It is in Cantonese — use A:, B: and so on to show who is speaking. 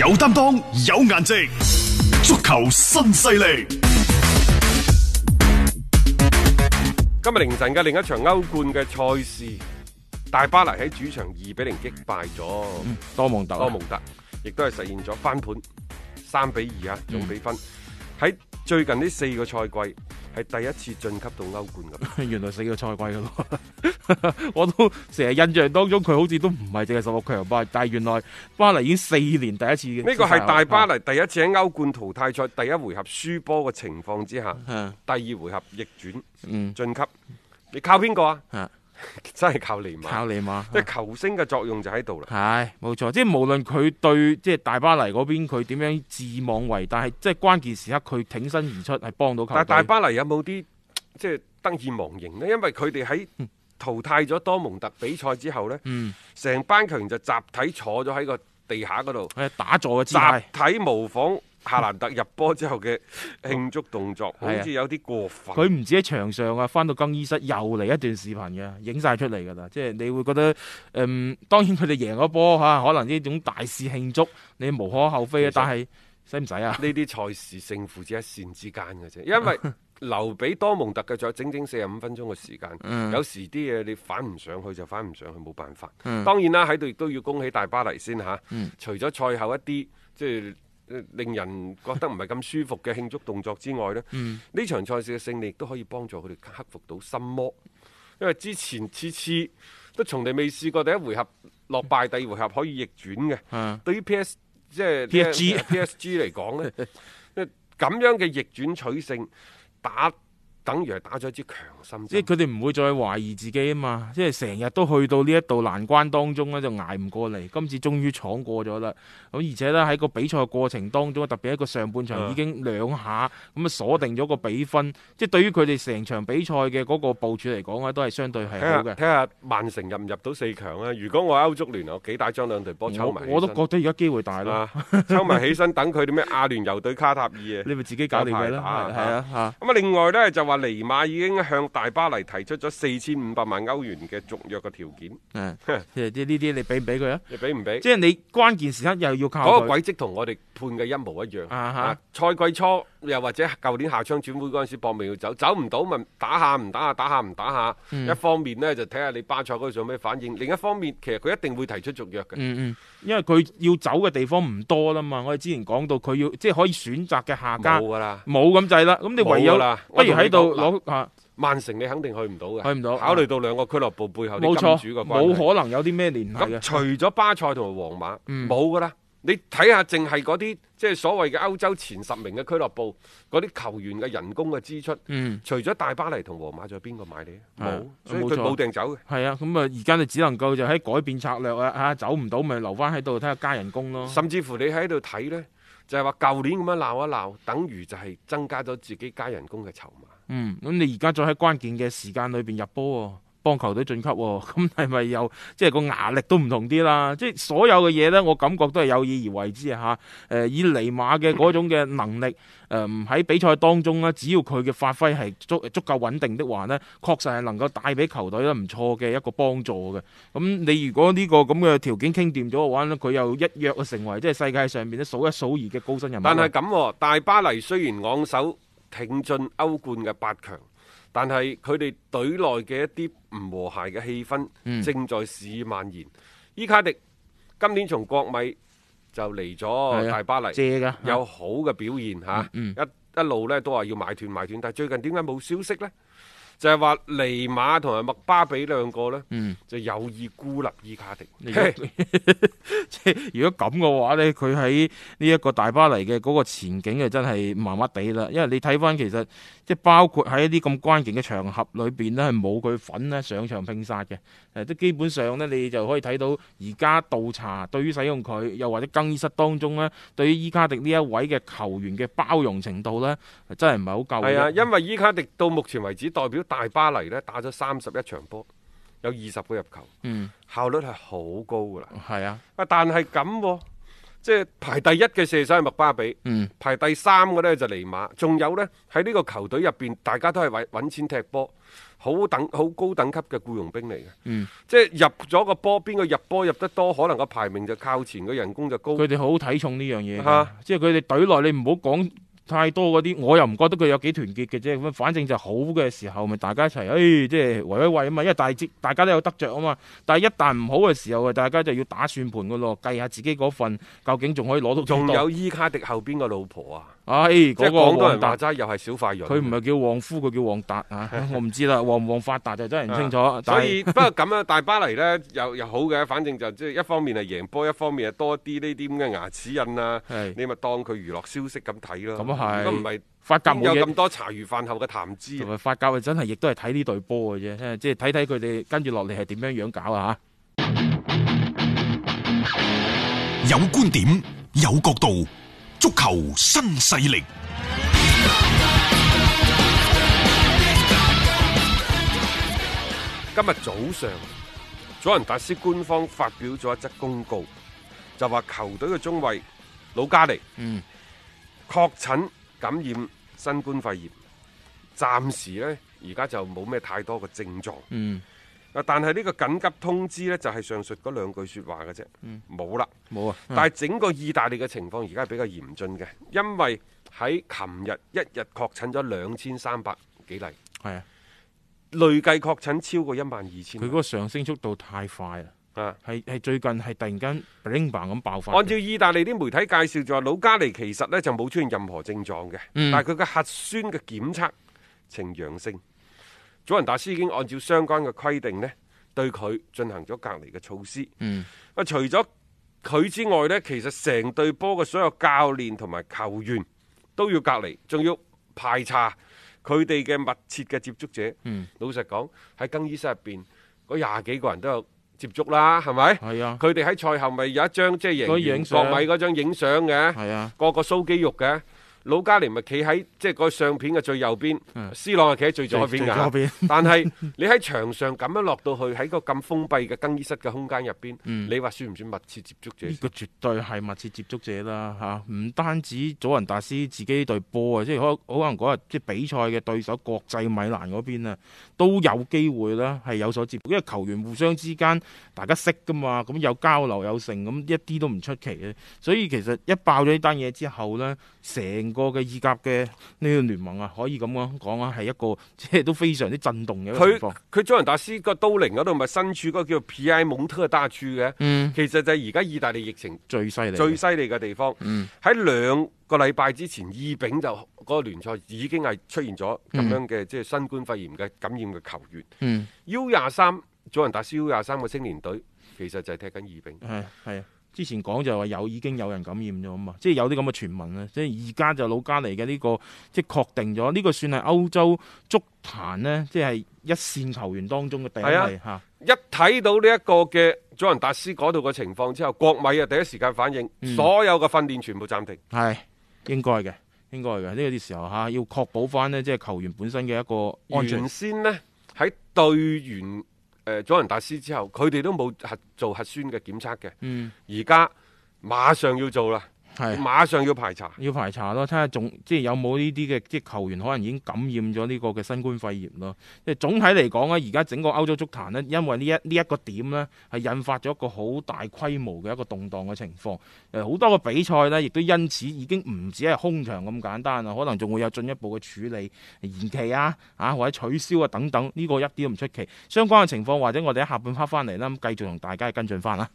A: 有擔當，有顏值，足球新勢力。今日凌晨嘅另一場歐冠嘅賽事，大巴黎喺主場二比零擊敗咗、嗯、多蒙特，多蒙特亦都係實現咗翻盤，三比二啊總比分喺。嗯最近呢四個賽季係第一次晉級到歐冠噶，
B: 原來四個賽季噶咯，我都成日印象當中佢好似都唔係淨係十六強，但係原來巴黎已經四年第一次試試，嘅。呢個係大巴黎
A: 第一次喺歐冠淘汰賽第一回合輸波嘅情況之下，啊、第二回合逆轉晉、嗯、級，你靠邊個啊？真係靠尼馬？靠尼馬？即係球星嘅作用就喺度啦。
B: 係，冇錯。即係無論佢對即係大巴黎嗰邊，佢點樣自妄為，但係即係關鍵時刻佢挺身而出係幫到球隊。但係大巴
A: 黎有冇啲即係得意忘形呢？因為佢哋喺淘汰咗多蒙特比賽之後呢，嗯，成班球員就集體坐咗喺個地下嗰度，係打坐嘅姿態，集體模仿。夏蘭特入波之後嘅慶祝動作，好似有啲過分、嗯。佢唔、啊、
B: 止喺場上啊，翻到更衣室又嚟一段視頻嘅，影晒出嚟噶啦。即係你會覺得，嗯，當然佢哋贏咗波吓，可能呢種大肆慶祝你無可厚非實啊。但係使唔使啊？
A: 呢啲賽事勝負只一線之間嘅啫，因為留俾多蒙特嘅仲有整整四十五分鐘嘅時間。嗯、有時啲嘢你翻唔上去就翻唔上去，冇辦法。嗯、當然啦，喺度亦都要恭喜大巴黎先吓。啊嗯、除咗賽後一啲即係。令人覺得唔係咁舒服嘅慶祝動作之外咧，呢、嗯、呢場賽事嘅勝利亦都可以幫助佢哋克服到心魔，因為之前次次都從嚟未試過第一回合落敗， 第二回合可以逆轉嘅。啊、對於 PS 即係 P S P S G 嚟講咧，咁 樣嘅逆轉取勝打。等於係打咗一支強心針即係佢哋
B: 唔會再懷疑自己啊嘛！即係成日都去到呢一道難關當中咧，就捱唔過嚟。今次終於闖過咗啦，咁而且咧喺個比賽過程當中，特別係個上半場已經兩下咁啊鎖定咗個比分，的即係對於佢哋成場比賽嘅嗰個部
A: 署嚟講咧，都係相對係好嘅。睇下曼城入唔入到四強啊！如果我歐足聯，我幾大將兩隊波抽埋，我都覺
B: 得而家機會大啦，
A: 抽埋、啊、起身 等佢哋咩亞聯遊隊卡塔爾啊！你咪自己搞掂賽啦，啊咁打啊，另外咧就話。尼馬已經向大巴黎提出咗四千五百萬歐元嘅續約嘅條件，
B: 嗯，誒， 即呢啲你俾唔俾佢啊？你俾唔俾？即係你關鍵時刻又要靠佢。嗰個
A: 軌跡同我哋判嘅一模一樣。啊哈、啊、賽季初。又或者舊年夏窗轉會嗰陣時搏命要走，走唔到咪打下唔打下，打下唔打下。打一，下嗯、一方面呢，就睇下你巴塞嗰度有咩反應，另一方面其實佢一定會提出續約嘅、
B: 嗯嗯。因為佢要走嘅地方唔多啦嘛。我哋之前講到佢要即係可以選擇嘅下家冇㗎啦，
A: 冇咁滯啦。咁你唯有啦，不如喺度攞曼城你肯定去唔到嘅，去唔到。考慮到兩個俱樂部背後啲金主嘅關係，冇可能有啲咩聯繫。除咗巴塞同埋皇馬，冇㗎啦。你睇下，淨係嗰啲即係所謂嘅歐洲前十名嘅俱樂部嗰啲球員嘅人工嘅支出，嗯、除咗大巴黎同皇馬買，仲有邊個買你？冇的，所以佢冇定走
B: 嘅。係啊，咁啊，而家就只能夠就喺改變策略啊嚇，走唔到
A: 咪留翻喺度睇下加人工咯。甚至乎你喺度睇咧，就係話舊年咁樣鬧一鬧，等於就係增加咗自己加人工嘅籌碼。
B: 嗯，咁你而家再喺關鍵嘅時間裏邊入波喎。幫球隊晉級喎、哦，咁係咪又即係個壓力都唔同啲啦？即係所有嘅嘢呢，我感覺都係有意而為之啊！吓，誒，以尼馬嘅嗰種嘅能力，誒、呃，喺比賽當中咧，只要佢嘅發揮係足足夠穩定的話呢，確實係能夠帶俾球隊都唔錯嘅一個幫助嘅。咁你如果呢個咁嘅條件傾掂咗嘅話呢，佢又一躍成為即係世界上面咧數一數二嘅高薪人物。但係
A: 咁，大巴黎雖然昂首挺進歐冠嘅八強。但係佢哋隊內嘅一啲唔和諧嘅氣氛，正在肆意蔓延。嗯、伊卡迪今年從國米就嚟咗大巴黎，的有好嘅表現嚇，一一路呢都話要買斷買斷，但係最近點解冇消息呢？就係話尼馬同埋麥巴比兩個咧，嗯，就有意孤立伊卡迪。
B: 即係如果咁嘅 話咧，佢喺呢一個大巴黎嘅嗰個前景就真係麻麻地啦。因為你睇翻其實即係包括喺一啲咁關鍵嘅場合裏邊咧，係冇佢份咧上場拼殺嘅。誒，都基本上咧，你就可以睇到而家倒查對於使用佢，又或者更衣室當中咧，對於伊卡迪呢一位嘅球員嘅包容程度咧，係真係唔係好夠嘅。係啊，
A: 因為伊卡迪到目前為止代表。大巴黎呢，打咗三十一場波，有二十個入球，嗯、效率係好高噶啦。係、嗯、啊，啊但係咁，即、就、係、係、排第一嘅射手係麥巴比，嗯、排第三嘅呢就尼馬，仲有呢，喺呢個球隊入邊，大家都係揾錢踢波，好等好高等級嘅僱傭兵嚟嘅。即係、嗯、入咗個波，邊個入波入得多，可能個排名就靠前，個人工就高。佢哋好
B: 睇重呢樣嘢，吓、啊，即係佢哋隊內你唔好講，太多嗰啲，我又唔覺得佢有幾團結嘅啫。咁，反正就好嘅時候，咪大家一齊，誒、哎，即係圍一圍啊嘛。因為大大家都有得着啊嘛。但係一旦唔好嘅時候，大家就要打算盤㗎咯，計下自己嗰份究竟仲可以攞到幾多？仲有
A: 伊卡迪後邊個老婆啊！
B: 唉，嗰、啊哎那個廣東人大
A: 齋又係小塊人，佢唔係
B: 叫旺夫，佢叫旺達吓， 我唔知啦，旺唔旺發
A: 達就真係唔清楚。啊、是所以 不過咁樣大巴黎咧，又又好嘅，反正就即係一方面係贏波，一方面係多啲呢啲咁嘅牙齒印啊，你咪當佢娛樂消息咁睇咯。咁啊係，如果唔係法甲冇嘢。有咁多茶餘飯後嘅談資，同
B: 埋法甲啊，真係亦都係睇呢隊波嘅啫，即係睇睇佢哋跟住落嚟係點樣樣搞啊吓。
A: 有觀點，有角度。足球新勢力。今日早上，祖雲達斯官方發表咗一則公告，就話球隊嘅中衛魯加尼，
B: 嗯，
A: 確診感染新冠肺炎，暫時呢，而家就冇咩太多嘅症狀，嗯。但係呢個緊急通知呢，就係，是，上述嗰兩句説話嘅啫，冇啦，嗯，冇啊！但係整個意大利嘅情況而家係比較嚴峻嘅，因為喺琴日一日確診咗兩千三百幾例，係啊，累計確診超過一萬二千，佢嗰
B: 個上升速度太快啦，係係，啊，最近係突然間咁爆發。按
A: 照意大利啲媒體介紹，就話魯加尼其實呢就冇出現任何症狀嘅，嗯，但係佢嘅核酸嘅檢測呈陽性。祖雲達斯已經按照相關嘅規定咧，對佢進行咗隔離嘅措施。嗯，啊，除咗佢之外呢，其實成隊波嘅所有教練同埋球員都要隔離，仲要排查佢哋嘅密切嘅接觸者。嗯，老實講喺更衣室入邊嗰廿幾個人都有接觸啦，係咪？係啊。佢哋喺賽後咪有一張即係贏完國米嗰張影相嘅，係啊，個個 show 肌肉嘅。老加尼咪企喺即係個相片嘅最右邊，C、嗯、朗係企喺最左邊噶。邊，但係你喺場上咁樣落到去喺 個咁封閉嘅更衣室嘅空間入邊，嗯、你話算唔算密切接觸者？呢個
B: 絕對係密切接觸者啦嚇，唔、啊、單止祖雲達斯自己隊波啊，即係可可能嗰日即係比賽嘅對手國際米蘭嗰邊啊，都有機會啦，係有所接觸，因為球員互相之間大家識噶嘛，咁有交流有成，咁一啲都唔出奇嘅。所以其實一爆咗呢單嘢之後咧。成個嘅意甲嘅呢個聯盟啊，可以咁樣講啊，係一個即係都非常之震動嘅佢，
A: 佢祖雲達斯個都靈嗰度咪身處嗰個叫做皮埃蒙特嘅大區嘅？嗯、其實就係而家意大利疫情最犀利、最犀利嘅地方。喺、嗯嗯、兩個禮拜之前，意丙就嗰、嗰個聯賽已經係出現咗咁樣嘅、嗯、即係新冠肺炎嘅感染嘅球員。嗯，U 廿三祖雲達斯 U 廿三個青年隊其實就係踢緊意丙。係係、啊。
B: 之前講就話有已經有人感染咗嘛，即係有啲咁嘅傳聞啦。即係而家就老加尼嘅呢個即係確定咗，呢、呢個算係歐洲足壇呢即係一線球員當中嘅第的下一位。一
A: 睇到呢一個嘅祖雲達斯嗰度嘅情況之後，國米啊第一時間反應，嗯、所有嘅訓練全部暫停。
B: 係應該嘅，應該嘅呢、呢個啲時候嚇，要確保翻呢，即係球員本身嘅一個安全
A: 先呢喺隊員。誒祖雲達斯之後，佢哋都冇核做核酸嘅檢測嘅，而家、嗯、馬上要做啦。係，馬上要排查，
B: 要排查咯，睇下總即係有冇呢啲嘅即係球員可能已經感染咗呢個嘅新冠肺炎咯。即係總體嚟講咧，而家整個歐洲足壇咧，因為呢一呢一個點咧，係引發咗一個好大規模嘅一個動盪嘅情況。誒，好多個比賽咧，亦都因此已經唔止係空場咁簡單啦，可能仲會有進一步嘅處理、延期啊，啊或者取消啊等等，呢個一啲都唔出奇。相關嘅情況或者我哋喺下半 part 翻嚟啦，繼續同大家跟進翻啦。